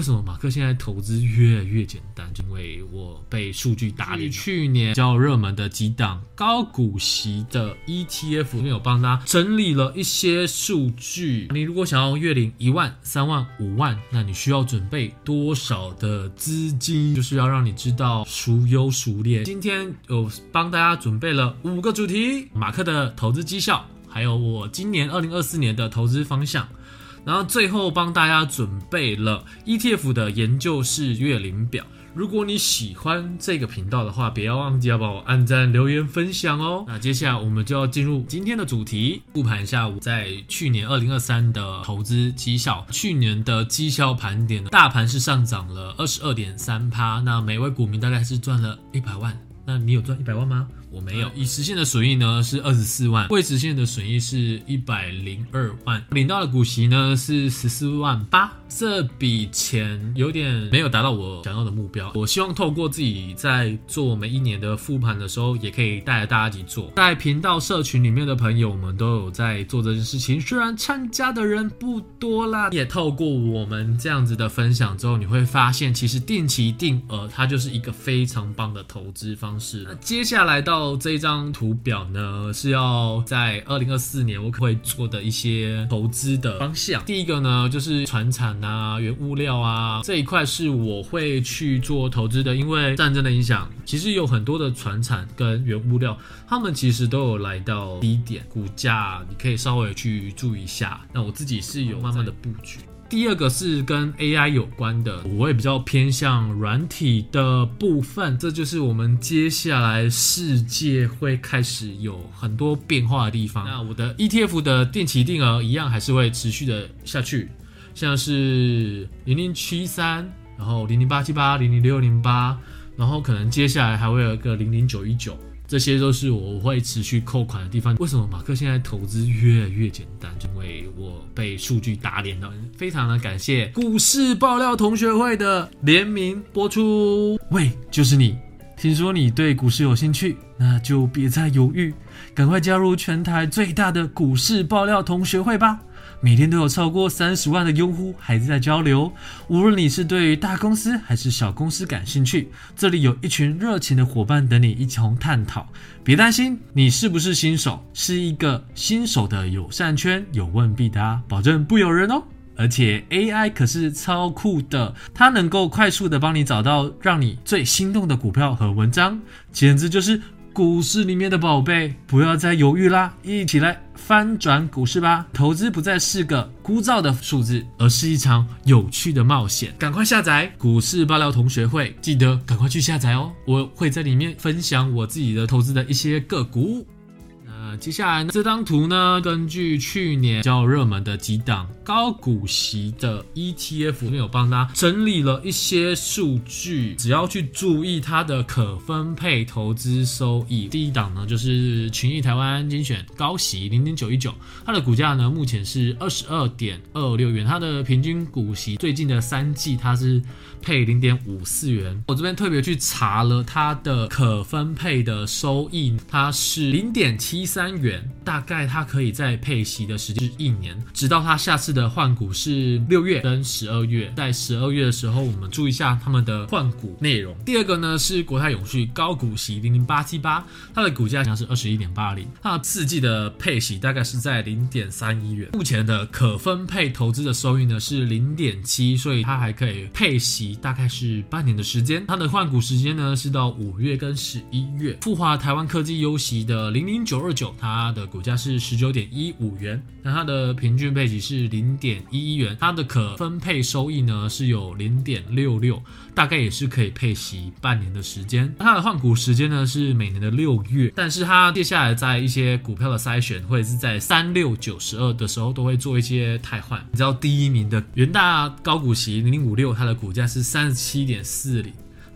為什麼馬克現在投資越來越簡單？因為我被數據打臉。去年較熱門的幾檔高股息的 ETF，我有幫他整理了一些數據。你如果想要月領一萬、三萬、五萬，那你需要準備多少的資金？就是要讓你知道孰優孰劣。今天有幫大家準備了五個主題：馬克的投資績效，還有我今年二零二四年的投資方向。然後最後幫大家準備了 E T F 的研究室月領表。如果你喜歡這個頻道的話，不要忘記要幫我按讚、留言、分享哦。那接下來我們就要進入今天的主題，復盤一下我在去年二零二三的投資績效。去年的績效盤點，大盤是上漲了二十二點三趴，那每位股民大概是賺了一百萬。那你有賺一百萬嗎？我沒有已實現的損益呢是二十四萬，未實現的損益是一百零二萬，領到的股息呢是十四萬八，這筆錢有點沒有達到我想要的目標。我希望透過自己在做每一年的覆盤的時候，也可以帶着大家一起做，在頻道社群裡面的朋友我們都有在做這件事情，雖然參加的人不多啦，也透過我們這樣子的分享之後，你會發現其實定期定額它就是一個非常棒的投資方式。那接下來到然後這一張圖表呢，是要在二零二四年我可會做的一些投資的方向。第一個呢，就是傳產啊、原物料啊這一塊，是我會去做投資的。因為戰爭的影響，其實有很多的傳產跟原物料，他們其實都有來到低點，股價你可以稍微去注意一下。那我自己是有慢慢的布局。第二個是跟 AI 有關的，我會比較偏向軟體的部分，這就是我們接下來世界會開始有很多變化的地方。那我的 ETF 的定期定額一樣還是會持續的下去，像是零零七三，然後零零八七八，零零六零八，然後可能接下來還會有一個零零九一九。這些都是我會持續扣款的地方。為什麼馬克現在投資越來越簡單？因為我被數據打臉了。非常的感謝股市爆料同學會的聯名播出。喂，就是你。聽說你對股市有興趣，那就別再猶豫，趕快加入全台最大的股市爆料同學會吧。每天都有超過三十萬的用戶還在交流。無論你是對於大公司還是小公司感興趣，這裡有一群熱情的夥伴等你一同探討。別擔心，你是不是新手？是一個新手的友善圈，有問必答，保證不咬人哦。而且 AI 可是超酷的，它能夠快速的幫你找到讓你最心動的股票和文章，簡直就是。股市裡面的寶貝，不要再猶豫啦！一起來翻轉股市吧！投資不再是個枯燥的數字，而是一場有趣的冒險。趕快下載股市爆料同學會，記得趕快去下載哦！我會在裡面分享我自己的投資的一些個股。接下來呢，這張圖呢，根據去年較熱門的幾檔高股息的 ETF，我有幫大家整理了一些數據，只要去注意它的可分配投資收益。第一檔呢，就是群益台灣精選高息零點九一九，它的股價呢目前是二十二點二六元，它的平均股息最近的三季它是配零點五四元，我這邊特別去查了它的可分配的收益，它是零點七三，三元，大概它可以在配息的時間是一年，直到它下次的換股是六月跟十二月。在十二月的時候，我們注意一下他們的換股內容。第二個呢是國泰永續高股息零零八七八，它的股價好像是二十一點八零，它的次季的配息大概是在零點三一元，目前的可分配投資的收益呢是零點七，所以它還可以配息，大概是半年的時間。它的換股時間呢是到五月跟十一月。復華台灣科技優息的零零九二九。它的股價是十九點一五元，那它的平均配息是零點一一元，它的可分配收益呢是有零點六六，大概也是可以配息半年的時間。它的換股時間呢是每年的六月，但是它接下來在一些股票的篩選，或者是在三六九十二的時候，都會做一些汰換。你知道第一名的元大高股息零零五六，它的股價是三十七點四零。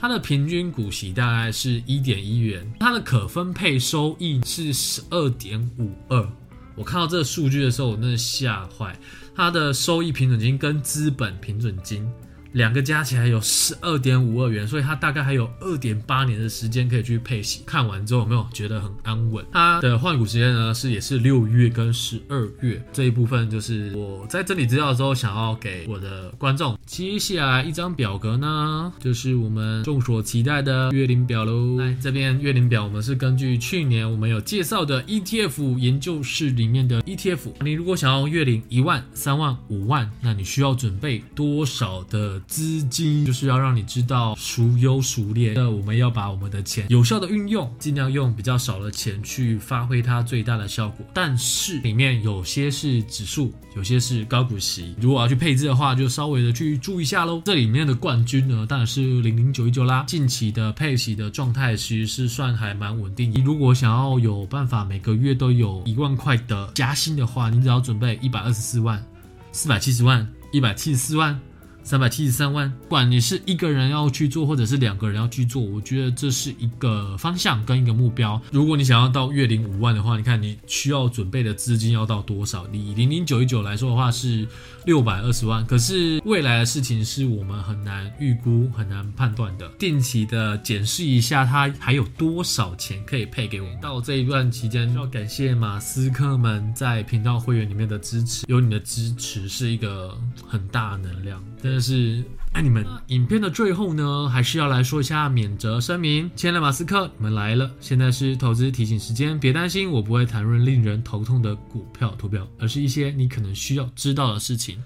它的平均股息大概是一點一元，它的可分配收益是十二點五二。我看到這個數據的時候，我真的嚇壞。它的收益平準金跟資本平準金兩個加起來有十二點五二元，所以它大概還有二點八年的時間可以去配息。看完之後，有沒有覺得很安穩？它的換股時間呢，是也是六月跟十二月這一部分，就是我在整理資料的時候，想要給我的觀眾。接下來一張表格呢，就是我們眾所期待的月領表嘍。來，這邊月領表，我們是根據去年我們有介紹的 ETF 研究室裡面的 ETF。你如果想要月領一萬、三萬、五萬，那你需要準備多少的資金？就是要讓你知道孰優孰劣。那我們要把我們的錢有效的運用，盡量用比較少的錢去發揮它最大的效果。但是裡面有些是指數，有些是高股息。如果要去配置的話，就稍微的去，注意一下嘍，這裡面的冠軍呢，當然是零零九一九啦。近期的配息的狀態其實是算還蠻穩定。你如果想要有辦法每個月都有一萬塊的加薪的話，你只要準備一百二十四萬、四百七十萬、一百七十四萬、三百七十三萬，不管你是一個人要去做，或者是兩個人要去做，我覺得這是一個方向跟一個目標。如果你想要到月領五萬的話，你看你需要準備的資金要到多少？你以零零九一九來說的話是六百二十萬。可是未來的事情是我們很難預估、很難判斷的。定期的檢視一下，他還有多少錢可以配給我們？到這一段期間，要感謝馬濕克們在頻道會員裡面的支持，有你的支持是一個很大能量。但是愛、啊、你們。影片的最後呢，還是要來說一下免責聲明。親愛的馬濕克，你們來了。現在是投資提醒時間，別擔心，我不會談論令人頭痛的股票投標，而是一些你可能需要知道的事情。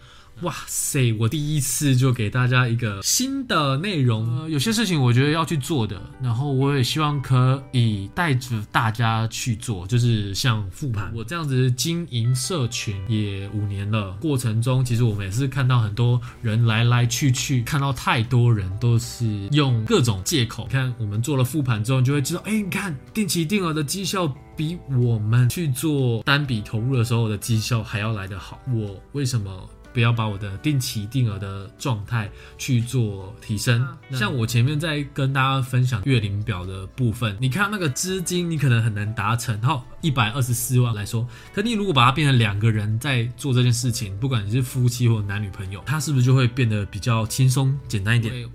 哇塞！我第一次就給大家一個新的內容。呃，有些事情我覺得要去做的，然後我也希望可以帶着大家去做，就是像復盤。我這樣子經營社群也五年了，過程中其實我們也是看到很多人來來去去，看到太多人都是用各種借口。你看我們做了復盤之後，你就會知道，哎，你看定期定額的績效比我們去做單筆投入的時候的績效還要來得好。我為什麼？不要把我的定期定額的狀態去做提升。像我前面在跟大家分享月領表的部分，你看那個資金你可能很難達成，好一百二十四萬來說，可你如果把它變成兩個人在做這件事情，不管你是夫妻或者男女朋友，它是不是就會變得比較輕鬆簡單一點？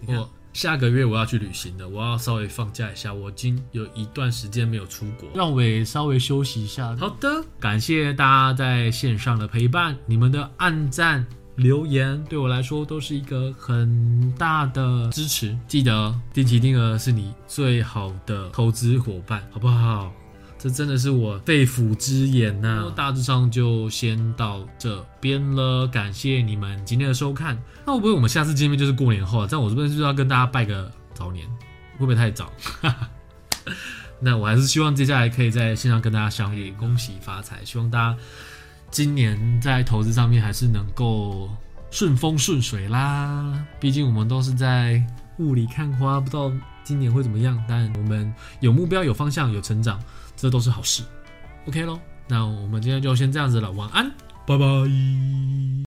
下個月我要去旅行了，我要稍微放假一下。我已經有一段時間沒有出國，讓我也稍微休息一下。好的，感謝大家在線上的陪伴，你們的按讚、留言對我來說都是一個很大的支持。記得定期定額是你最好的投資夥伴，好不好？這真的是我肺腑之言吶、啊！大致上就先到這邊了，感謝你們今天的收看。那會不會我們下次見面就是過年後啊？但我這邊就是要跟大家拜個早年，會不會太早？ 那我還是希望接下來可以在線上跟大家相遇，恭喜發財！希望大家今年在投資上面還是能夠順風順水啦。畢竟我們都是在霧裡看花，不知道今年會怎麼樣。但我們有目標、有方向、有成長。這都是好事，OK 咯。那我們今天就先這樣子了，晚安，拜拜。